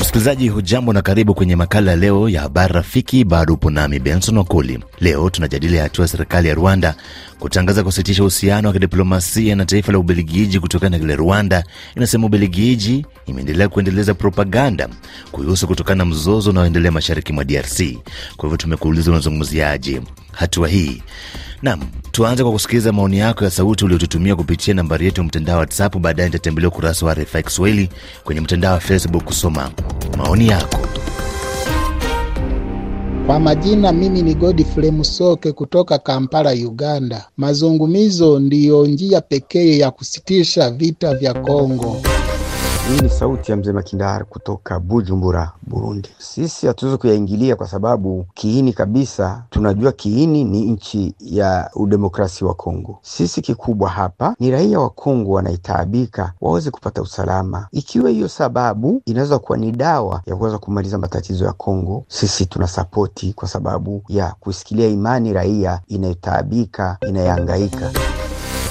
Msikilizaji hujambo na karibu kwenye makala ya leo ya habari rafiki. Bado upo nami Benson Wakuli. Leo tunajadili hatua ya serikali ya Rwanda kutangaza kusitisha uhusiano wa kidiplomasia na taifa la Ubelgiji kutokana na kile Rwanda inasema Ubelgiji imeendelea kuendeleza propaganda kuhusu kutokana na mzozo unaoendelea mashariki mwa DRC. Kwa hivyo tumekuuliza unazungumziaje hatua hii? nam tuanze kwa kusikiliza maoni yako ya sauti uliotutumia kupitia nambari yetu ya mtandao wa WhatsApp. Baadaye nitatembelea ukurasa wa RFI Kiswahili kwenye mtandao wa Facebook kusoma maoni yako. Kwa majina mimi ni Godfrey Musoke kutoka Kampala, Uganda. Mazungumizo ndiyo njia pekee ya kusitisha vita vya Kongo. Hii ni sauti ya mzee makindar kutoka Bujumbura, Burundi. Sisi hatuwezi kuyaingilia kwa sababu kiini kabisa tunajua kiini ni nchi ya udemokrasi wa Kongo. Sisi kikubwa hapa ni raia wa Kongo wanaitaabika waweze kupata usalama. Ikiwa hiyo sababu inaweza kuwa ni dawa ya kuweza kumaliza matatizo ya Kongo, sisi tuna sapoti kwa sababu ya kusikilia imani raia inayotaabika inayoangaika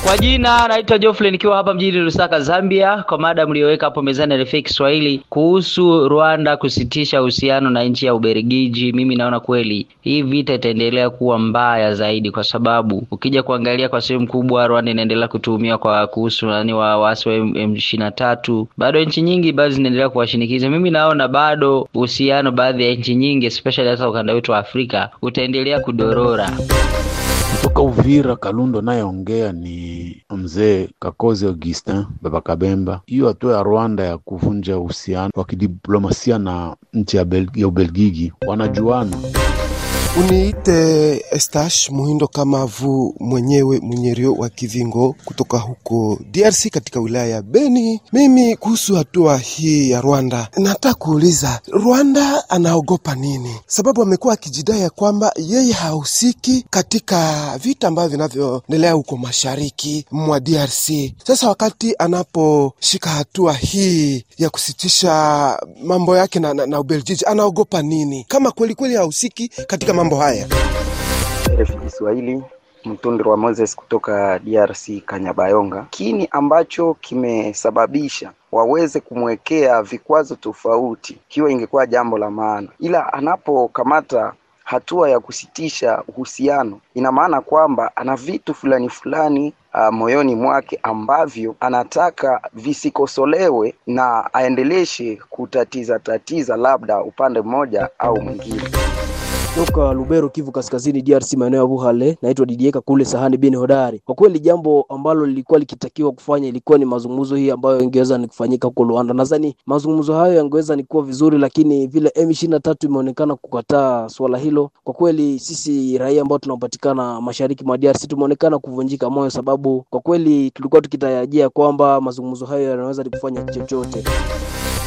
kwa jina naitwa Geoffrey nikiwa hapa mjini Lusaka, Zambia, kwa mada mliyoweka hapo mezani RFI Kiswahili kuhusu Rwanda kusitisha uhusiano na nchi ya Ubelgiji. Mimi naona kweli hii vita itaendelea kuwa mbaya zaidi, kwa sababu ukija kuangalia kwa sehemu kubwa Rwanda inaendelea kutuhumiwa kwa kuhusu nani wa waasi wa M23. Bado nchi nyingi bado zinaendelea kuwashinikiza. Mimi naona bado uhusiano baadhi ya nchi nyingi especially hasa ukanda wetu wa Afrika utaendelea kudorora kutoka Uvira Kalundo nayeongea ni mzee Kakozi Augustin Baba Kabemba. Hiyo hatua ya Rwanda ya kuvunja uhusiano wa kidiplomasia na nchi ya Ubelgiji, wanajuana Uniite Estash Muhindo Kamavu, mwenyewe mwenyerio wa Kivingo kutoka huko DRC katika wilaya ya Beni. Mimi kuhusu hatua hii ya Rwanda, nataka kuuliza Rwanda anaogopa nini? Sababu amekuwa akijidai ya kwamba yeye hahusiki katika vita ambavyo vinavyoendelea huko mashariki mwa DRC. Sasa wakati anaposhika hatua hii ya kusitisha mambo yake na, na, na Ubeljiji, anaogopa nini kama kwelikweli hahusiki katika mambo haya. Kiswahili, Mtundro wa Moses kutoka DRC Kanyabayonga. Kini ambacho kimesababisha waweze kumwekea vikwazo tofauti, hiyo ingekuwa jambo la maana, ila anapokamata hatua ya kusitisha uhusiano, ina maana kwamba ana vitu fulani fulani Uh, moyoni mwake ambavyo anataka visikosolewe na aendeleshe kutatiza tatiza labda upande mmoja au mwingine. Toka Lubero, Kivu Kaskazini, DRC, maeneo ya Buhale. Naitwa Didieka kule sahani bin hodari. Kwa kweli, jambo ambalo lilikuwa likitakiwa kufanya ilikuwa ni mazungumzo hii ambayo ingeweza ni kufanyika huko Luanda. Nadhani mazungumzo hayo yangeweza ni kuwa vizuri, lakini vile M23 imeonekana kukataa swala hilo. Kwa kweli, sisi raia ambao tunapatikana mashariki mwa DRC tumeonekana kuvunjika moyo, sababu kwa kweli tulikuwa tukitarajia kwamba mazungumzo hayo yanaweza kufanya chochote.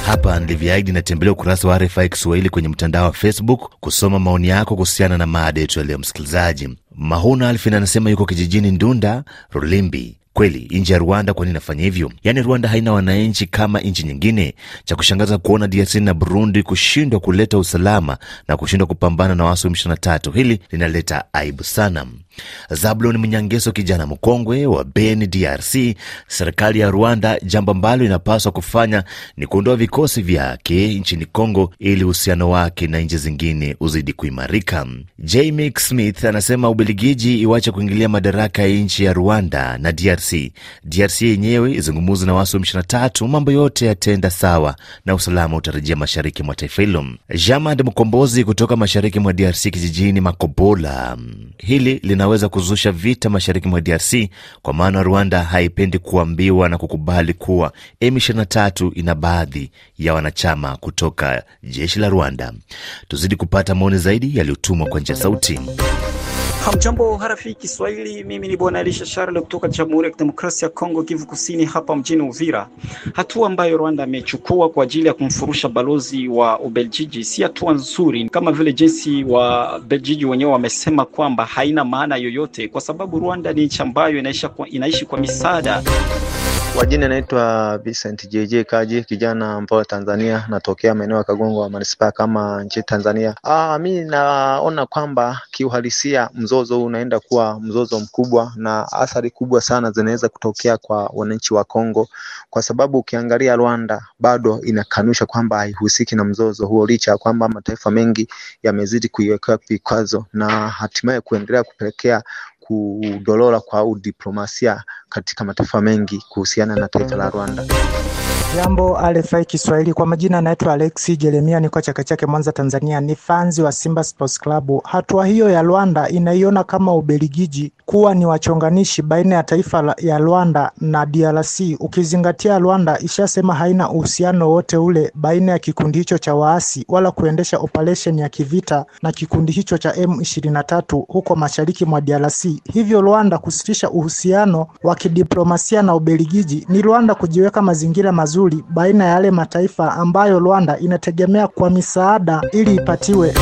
Hapa nilivyoahidi, natembelea ukurasa wa RFI Kiswahili kwenye mtandao wa Facebook kusoma maoni yako kuhusiana na mada yetu ya leo. Msikilizaji Mahuna Alfin anasema yuko kijijini Ndunda, Rulimbi. Kweli nchi ya Rwanda, kwani inafanya hivyo? Yaani Rwanda haina wananchi kama nchi nyingine. Cha kushangaza kuona DRC na Burundi kushindwa kuleta usalama na kushindwa kupambana na waasi wa M23. Hili linaleta aibu sana. Zablon Mnyangeso, kijana mkongwe wa Beni, DRC. Serikali ya Rwanda, jambo ambalo inapaswa kufanya ni kuondoa vikosi vyake nchini Kongo ili uhusiano wake na nchi zingine uzidi kuimarika. Jamie Smith anasema Ubelgiji iwache kuingilia madaraka ya nchi ya Rwanda na DRC. DRC yenyewe izungumuzi na wasu 23 mambo yote yataenda sawa na usalama utarajia mashariki mwa taifa hilo. Jamad Mkombozi kutoka mashariki mwa DRC, kijijini Makobola. Hili lina zinaweza kuzusha vita mashariki mwa DRC, kwa maana Rwanda haipendi kuambiwa na kukubali kuwa M23 ina baadhi ya wanachama kutoka jeshi la Rwanda. Tuzidi kupata maoni zaidi yaliyotumwa kwa njia sauti. Hamjambo harafi Kiswahili, mimi ni Bwana Elisha Charles kutoka Jamhuri ya Kidemokrasia ya Kongo, Kivu Kusini, hapa mjini Uvira. Hatua ambayo Rwanda amechukua kwa ajili ya kumfurusha balozi wa Ubeljiji si hatua nzuri, kama vile jinsi wa Beljiji wenyewe wamesema kwamba haina maana yoyote, kwa sababu Rwanda ni nchi ambayo inaishi kwa misaada. Kwa jina naitwa Vincent JJ Kaji, kijana ambao Tanzania, natokea maeneo ya Kagongo wa manispaa kama nchi Tanzania. Ah, mimi naona kwamba kiuhalisia mzo mzozo unaenda kuwa mzozo mkubwa na athari kubwa sana zinaweza kutokea kwa wananchi wa Kongo, kwa sababu ukiangalia Rwanda bado inakanusha kwamba haihusiki na mzozo huo, licha ya kwamba mataifa mengi yamezidi kuiwekea vikwazo na hatimaye kuendelea kupelekea kudorora kwa udiplomasia katika mataifa mengi kuhusiana na taifa la Rwanda. Jambo RFI Kiswahili, kwa majina anaitwa Alexi Jeremia, niko Chake Chake, Mwanza, Tanzania. Ni fanzi wa Simba Sports Club. Hatua hiyo ya Rwanda inaiona kama Ubelgiji kuwa ni wachonganishi baina ya taifa ya Rwanda na DRC, ukizingatia Rwanda ishasema haina uhusiano wote ule baina ya kikundi hicho cha waasi wala kuendesha operation ya kivita na kikundi hicho cha M23 huko mashariki mwa DRC. Hivyo Rwanda kusitisha uhusiano wa kidiplomasia na Ubelgiji ni Rwanda kujiweka mazingira mazuri vizuri baina ya yale mataifa ambayo Rwanda inategemea kwa misaada ili ipatiwe.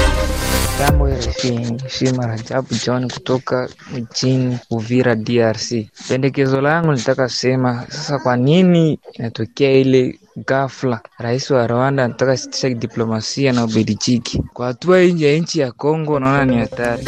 Jambo yakiishima Rajabu John kutoka nchini Uvira, DRC. Pendekezo langu nitaka sema sasa, kwa nini inatokea ile ghafla rais wa Rwanda anataka sitisha diplomasia na Ubelgiji? Kwa hatua nje ya nchi ya Kongo, naona ni hatari.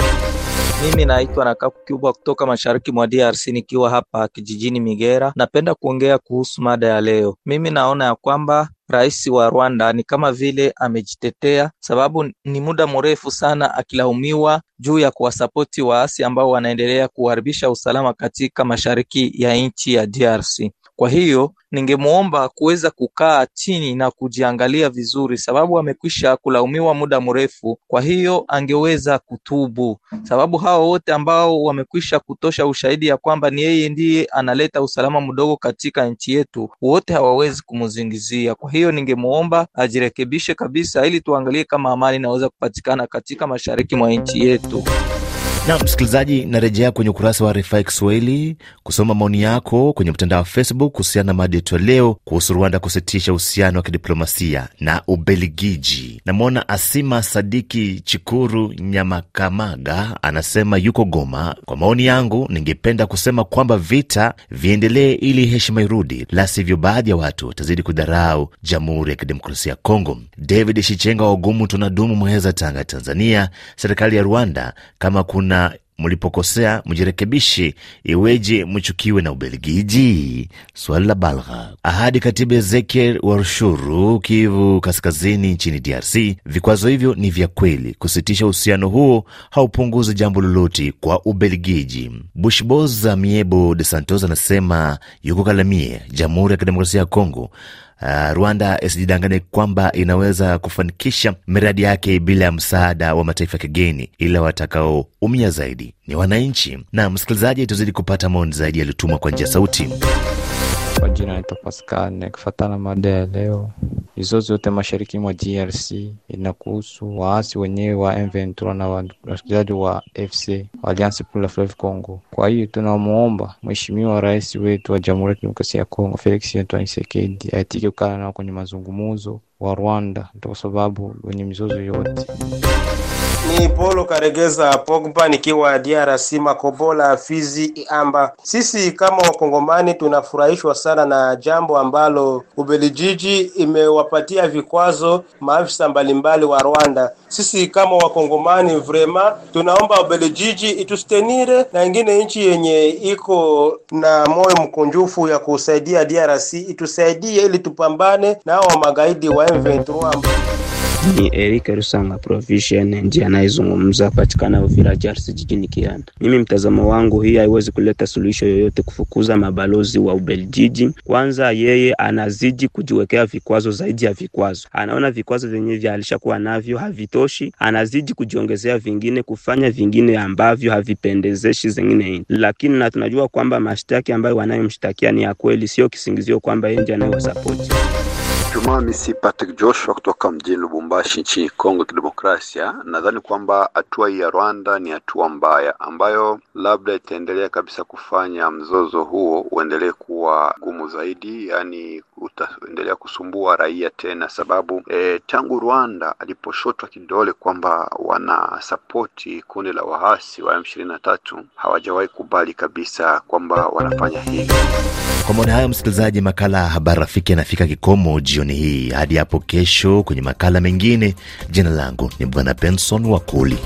Mimi naitwa na Kaku Kubwa kutoka mashariki mwa DRC nikiwa hapa kijijini Migera. Napenda kuongea kuhusu mada ya leo. Mimi naona ya kwamba rais wa Rwanda ni kama vile amejitetea, sababu ni muda mrefu sana akilaumiwa juu ya kuwasapoti waasi ambao wanaendelea kuharibisha usalama katika mashariki ya nchi ya DRC. Kwa hiyo ningemwomba kuweza kukaa chini na kujiangalia vizuri, sababu amekwisha kulaumiwa muda mrefu. Kwa hiyo angeweza kutubu, sababu hao wote ambao wamekwisha kutosha ushahidi ya kwamba ni yeye ndiye analeta usalama mdogo katika nchi yetu, wote hawawezi kumzingizia. Kwa hiyo ningemwomba ajirekebishe kabisa, ili tuangalie kama amani inaweza kupatikana katika mashariki mwa nchi yetu. Na msikilizaji, narejea kwenye ukurasa wa RFI Kiswahili kusoma maoni yako kwenye mtandao wa Facebook kuhusiana na mada yetu ya leo kuhusu Rwanda kusitisha uhusiano wa kidiplomasia na Ubelgiji. Namwona Asima Sadiki Chikuru Nyamakamaga anasema yuko Goma. Kwa maoni yangu, ningependa kusema kwamba vita viendelee ili heshima irudi, la sivyo baadhi ya watu watazidi kudharau Jamhuri ya Kidemokrasia ya Kongo. David Shichenga wa Ugumu, tunadumu Muheza, Tanga, Tanzania. Serikali ya Rwanda kama kuna na mlipokosea mjirekebishe, iweje mchukiwe na Ubelgiji? Swali la balgha. Ahadi katibu Ezekiel Warshuru, Kivu Kaskazini nchini DRC. Vikwazo hivyo ni vya kweli, kusitisha uhusiano huo haupunguzi jambo lolote kwa Ubelgiji. Bushboza Miebo de Santos anasema yuko Kalamie, Jamhuri ya Kidemokrasia ya Kongo. Ah, Rwanda isijidanganye kwamba inaweza kufanikisha miradi yake bila ya msaada wa mataifa ya kigeni, ila watakaoumia zaidi ni wananchi. Na msikilizaji, tuzidi kupata maoni zaidi yaliyotumwa kwa njia sauti. Majina naitwa Pascal. mada ya leo, mizozo yote mashariki mwa DRC inakuhusu waasi wenyewe wa M23 na wasikilizaji wa FC wa Alliance pour la Fleuve Congo. Kwa hiyo tunamwomba Mheshimiwa Rais wetu wa Jamhuri ya Kidemokrasia ya Kongo Felix Antoine Tshisekedi aitike kukala nao kwenye mazungumzo wa Rwanda, ndio sababu wenye mizozo yote. Ni Polo Karegeza Pogba nikiwa DRC Makobola Fizi Iamba. sisi kama Wakongomani tunafurahishwa sana na jambo ambalo Ubelijiji imewapatia vikwazo maafisa mbalimbali wa Rwanda. Sisi kama Wakongomani vrema tunaomba Ubelijiji itustenire na ingine nchi yenye iko na moyo mkunjufu ya kusaidia DRC itusaidie ili tupambane nao magaidi wa M23. Ni Eric Rusanga Provision ndiye anayezungumza patikana Uvira Jars jijini Kianda. Mimi mtazamo wangu, hii haiwezi kuleta suluhisho yoyote kufukuza mabalozi wa Ubeljiji. Kwanza yeye anazidi kujiwekea vikwazo zaidi ya vikwazo, anaona vikwazo vyenye vya alishakuwa navyo havitoshi, anazidi kujiongezea vingine, kufanya vingine ambavyo havipendezeshi zingine, lakini na tunajua kwamba mashtaki ambayo wanayomshtakia ni ya kweli, sio kisingizio kwamba yeye ndiye anayewasapoti. Ijumaa mimi si Patrick Joshua kutoka mjini Lubumbashi nchini Kongo Kidemokrasia. Nadhani kwamba hatua hii ya Rwanda ni hatua mbaya ambayo labda itaendelea kabisa kufanya mzozo huo uendelee ku kuwa gumu zaidi, yaani utaendelea kusumbua raia tena, sababu e, tangu Rwanda aliposhotwa kidole kwamba wanasapoti kundi la waasi wa M23 hawajawahi kubali kabisa kwamba wanafanya hivi. Kwa maoni hayo, msikilizaji, makala ya habari rafiki yanafika kikomo jioni hii. Hadi hapo kesho kwenye makala mengine, jina langu ni Bwana Benson Wakuli.